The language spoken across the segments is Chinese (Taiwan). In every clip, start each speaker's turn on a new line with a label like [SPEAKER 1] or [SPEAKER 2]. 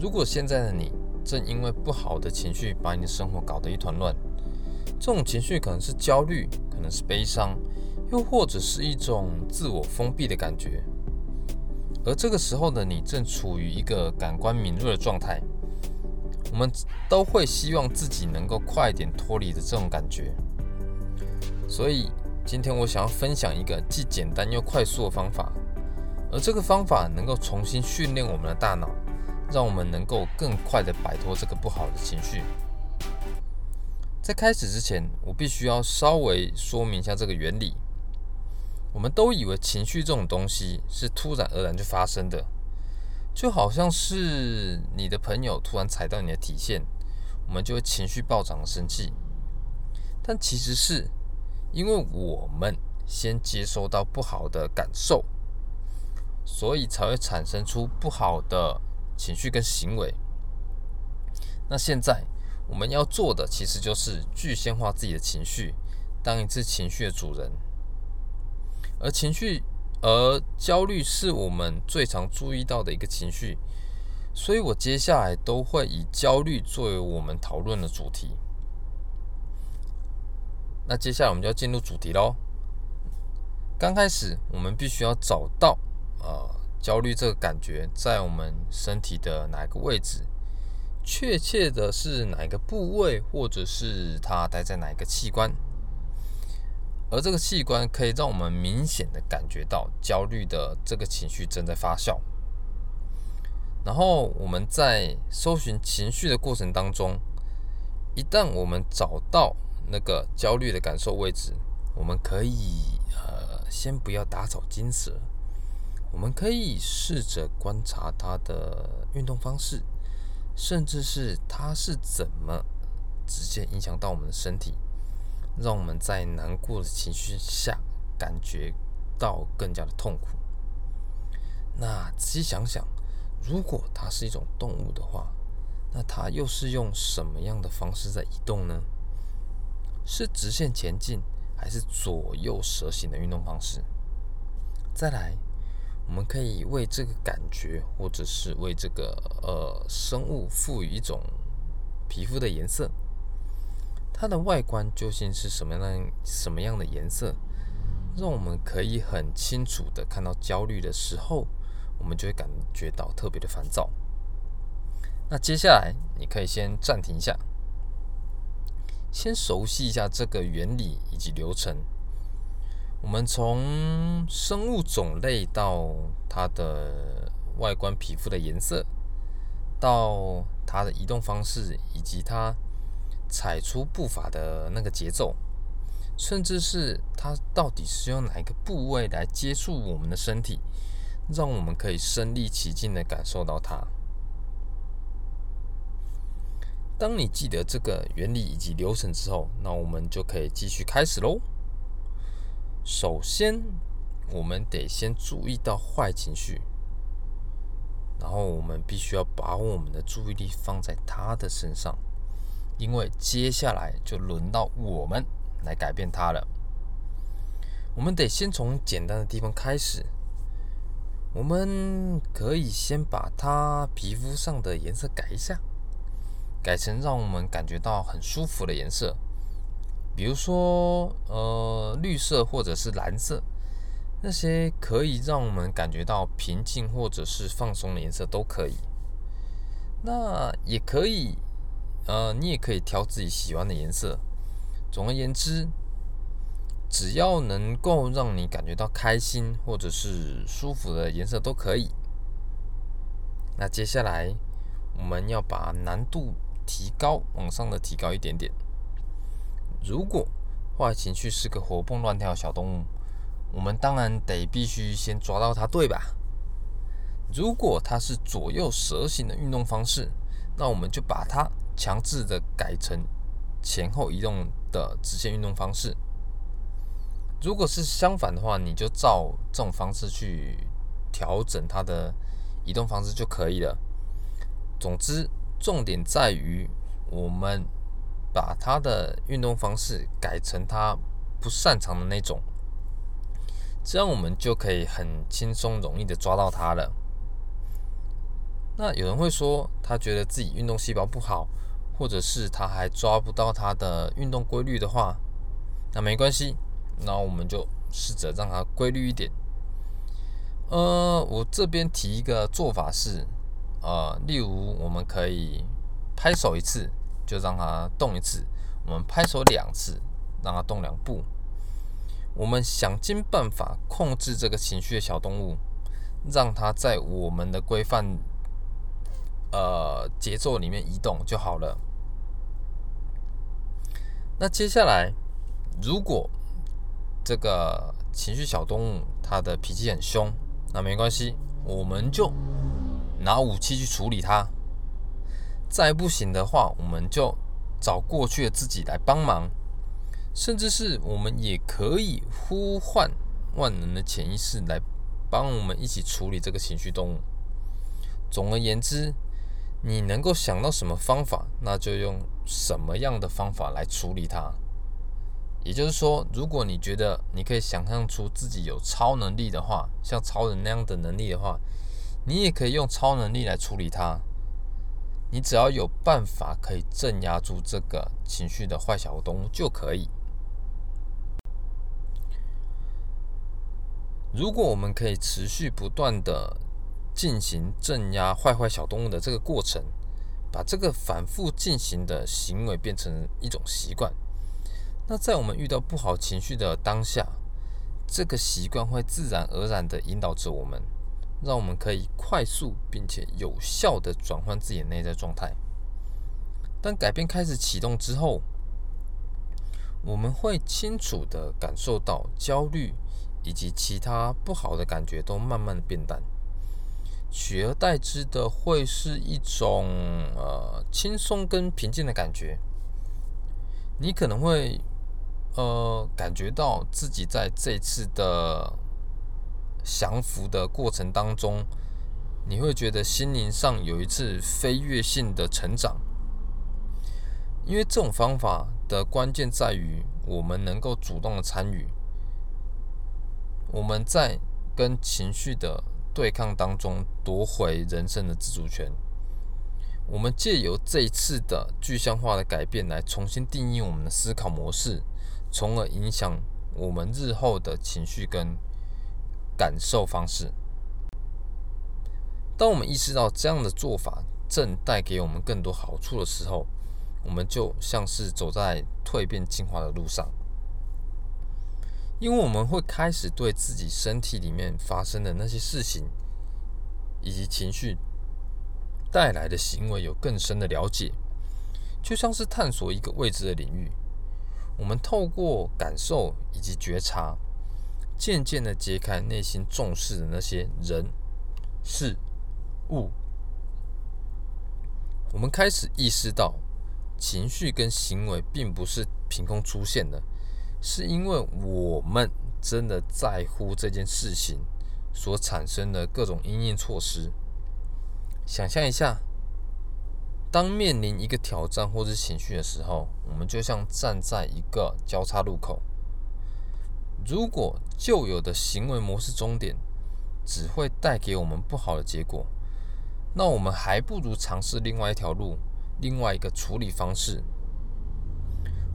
[SPEAKER 1] 如果現在的你正因為不好的情緒，把你的生活搞得一團亂，這種情緒可能是焦慮，可能是悲傷，又或者是一種自我封閉的感覺。而這個時候的你正處於一個感官敏銳的狀態，我們都會希望自己能夠快一點脫離的這種感覺。所以今天我想要分享一個既簡單又快速的方法，而這個方法能夠重新訓練我們的大腦。讓我們能夠更快地擺脫這個不好的情緒。在開始之前，我必須要稍微說明一下這個原理。我們都以為情緒這種東西是突然而然就發生的，就好像是你的朋友突然踩到你的底線，我們就會情緒暴漲的生氣。但其實是因為我們先接收到不好的感受，所以才會產生出不好的。情緒跟行為。那現在我們要做的其實就是具現化自己的情緒，當一次情緒的主人。而情緒，而焦慮是我們最常注意到的一個情緒，所以我接下來都會以焦慮作為我們討論的主題。那接下來我們就要進入主題嘍。剛開始我們必須要找到啊。呃焦慮這個感覺在我們身體的哪一個位置？確切的是哪一個部位，或者是它待在哪一個器官？而這個器官可以讓我們明顯的感覺到焦慮的這個情緒正在發酵。然後我們在搜尋情緒的過程當中，一旦我們找到那個焦慮的感受位置，我們可以呃先不要打草驚蛇。我們可以試着觀察它的運動方式，甚至是它是怎麼直接影響到我們的身體，讓我們在難過的情緒下感覺到更加的痛苦。那仔細想想，如果它是一種動物的話，那它又是用什麼樣的方式在移動呢？是直線前進，還是左右蛇形的運動方式？再來。我們可以為這個感覺，或者是為這個呃生物賦予一種皮膚的顏色，它的外觀究竟是什麼樣什麼樣的顏色，讓我們可以很清楚地看到焦慮的時候，我們就會感覺到特別的煩躁。那接下來你可以先暫停一下，先熟悉一下這個原理以及流程。我們從生物種類到它的外觀、皮膚的顏色，到它的移動方式，以及它踩出步伐的那個節奏，甚至是它到底是用哪一個部位來接觸我們的身體，讓我們可以身臨其境的感受到它。當你記得這個原理以及流程之後，那我們就可以繼續開始嘍。首先，我們得先注意到壞情緒，然後我們必須要把我們的注意力放在他的身上，因為接下來就輪到我們來改變他了。我們得先從簡單的地方開始，我們可以先把他皮膚上的顏色改一下，改成讓我們感覺到很舒服的顏色。比如說，呃，綠色或者是藍色，那些可以讓我們感覺到平靜或者是放鬆的顏色都可以。那也可以，呃，你也可以挑自己喜歡的顏色。總而言之，只要能夠讓你感覺到開心或者是舒服的顏色都可以。那接下來我們要把難度提高，往上的提高一點點。如果壞情緒是個活蹦亂跳的小動物，我們當然得必須先抓到它，對吧？如果它是左右蛇形的運動方式，那我們就把它強制的改成前後移動的直線運動方式。如果是相反的話，你就照這種方式去調整它的移動方式就可以了。總之，重點在於我們。把他的運動方式改成他不擅長的那種，這樣我們就可以很輕鬆容易的抓到他了。那有人會說，他覺得自己運動細胞不好，或者是他還抓不到他的運動規律的話，那沒關係，那我們就試着讓他規律一點。呃，我這邊提一個做法是，呃，例如我們可以拍手一次，就讓它動一次，我們拍手兩次，讓它動兩步。我們想盡辦法控制這個情緒的小動物，讓它在我們的規範、呃、節奏裡面移動就好了。那接下來，如果這個情緒小動物它的脾氣很兇，那沒關係，我們就拿武器去處理它。再不行的話，我們就找過去的自己來幫忙，甚至是我們也可以呼喚萬能的潛意識來幫我們一起處理這個情緒動物。總而言之，你能夠想到什麼方法，那就用什麼樣的方法來處理它。也就是說，如果你覺得你可以想象出自己有超能力的話，像超人那樣的能力的話，你也可以用超能力來處理它。你只要有辦法可以鎮壓住這個情緒的壞小動物就可以。如果我們可以持續不斷的進行鎮壓壞壞小動物的這個過程，把這個反覆進行的行為變成一種習慣，那在我們遇到不好情緒的當下，這個習慣會自然而然的引導着我們。讓我們可以快速並且有效地轉換自己的內在狀態。當改變開始啟動之後，我們會清楚地感受到焦慮以及其他不好的感覺都慢慢的變淡，取而代之的會是一種呃輕鬆跟平靜的感覺。你可能會呃感覺到自己在這一次的。降服的過程當中，你會覺得心靈上有一次飛躍性的成長。因為這種方法的關鍵在於我們能夠主動的參與，我們在跟情緒的對抗當中奪回人生的自主權。我們借由這一次的具象化的改變來重新定義我們的思考模式，從而影響我們日後的情緒跟。感受方式。當我們意識到這樣的做法正帶給我們更多好處的時候，我們就像是走在蛻變進化的路上，因為我們會開始對自己身體裡面發生的那些事情，以及情緒帶來的行為有更深的了解，就像是探索一個未知的領域。我們透過感受以及覺察。漸漸的揭開內心重視的那些人、事、物，我們開始意識到，情緒跟行為並不是憑空出現的，是因為我們真的在乎這件事情所產生的各種因應措施。想象一下，當面臨一個挑戰或是情緒的時候，我們就像站在一個交叉路口。如果舊有的行為模式終點只會帶給我們不好的結果，那我們還不如嘗試另外一條路，另外一個處理方式。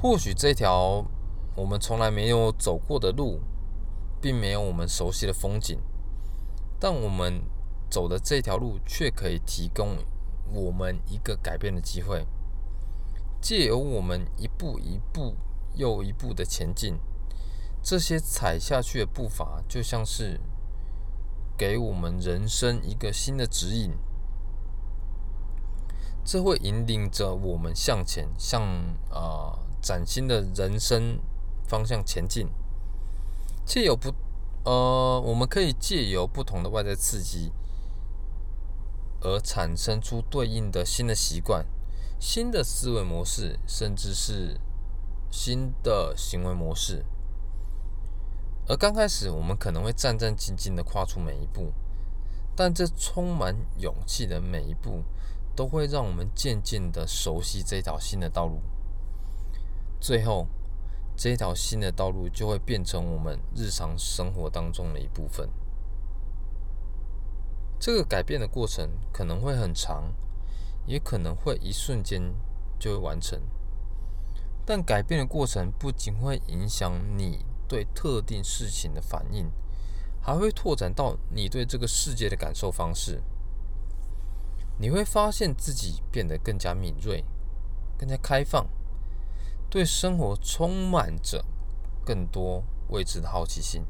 [SPEAKER 1] 或許這條我們從來沒有走過的路，並沒有我們熟悉的風景，但我們走的這條路卻可以提供我們一個改變的機會。借由我們一步一步又一步的前進。這些踩下去的步伐，就像是給我們人生一個新的指引，這會引領着我們向前，向啊、呃、嶄新的人生方向前進。借由不呃，我們可以借由不同的外在刺激，而產生出對應的新的習慣、新的思維模式，甚至是新的行為模式。而剛開始，我們可能會戰戰兢兢的跨出每一步，但這充滿勇氣的每一步，都會讓我們漸漸的熟悉這條新的道路。最後，這條新的道路就會變成我們日常生活當中的一部分。這個改變的過程可能會很長，也可能會一瞬間就會完成。但改變的過程不僅會影響你對特定事情的反應，還會拓展到你對這個世界的感受方式。你會發現自己變得更加敏銳、更加開放，對生活充滿着更多未知的好奇心。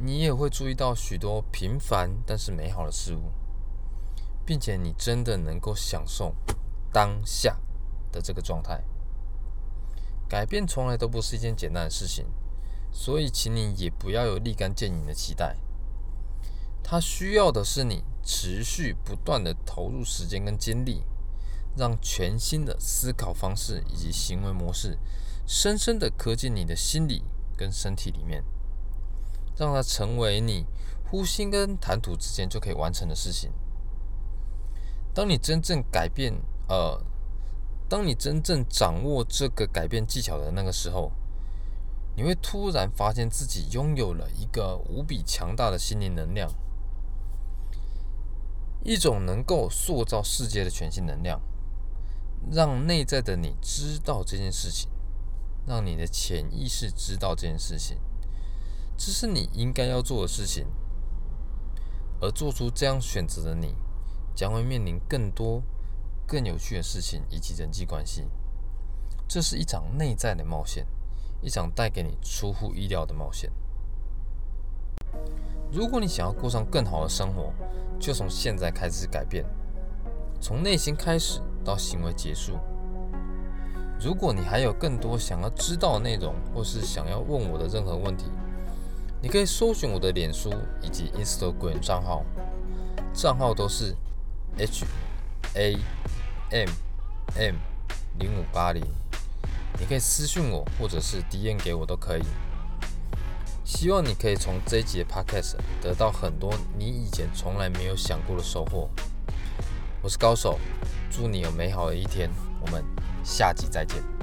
[SPEAKER 1] 你也會注意到許多平凡但是美好的事物，並且你真的能夠享受當下的這個狀態。改變從來都不是一件簡單的事情，所以請你也不要有立竿見影的期待。它需要的是你持續不斷的投入時間跟精力，讓全新的思考方式以及行為模式深深的刻進你的心理跟身體裡面，讓它成為你呼吸跟談吐之間就可以完成的事情。當你真正改變，呃。當你真正掌握這個改變技巧的那個時候，你會突然發現自己擁有了一個無比強大的心靈能量，一種能夠塑造世界的全新能量。讓內在的你知道這件事情，讓你的潛意識知道這件事情，這是你應該要做的事情。而做出這樣選擇的你，將會面臨更多。更有趣的事情以及人際關係，這是一場內在的冒險，一場帶給你出乎意料的冒險。如果你想要過上更好的生活，就從現在開始改變，從內心開始到行為結束。如果你還有更多想要知道的內容或是想要問我的任何問題，你可以搜尋我的臉書以及 Instagram 賬號，賬號都是 H A。M M 零五八零，你可以私訊我，或者是 DM 給我都可以。希望你可以從這一集的 Podcast 得到很多你以前從來沒有想過的收穫。我是高手，祝你有美好的一天。我們下集再見。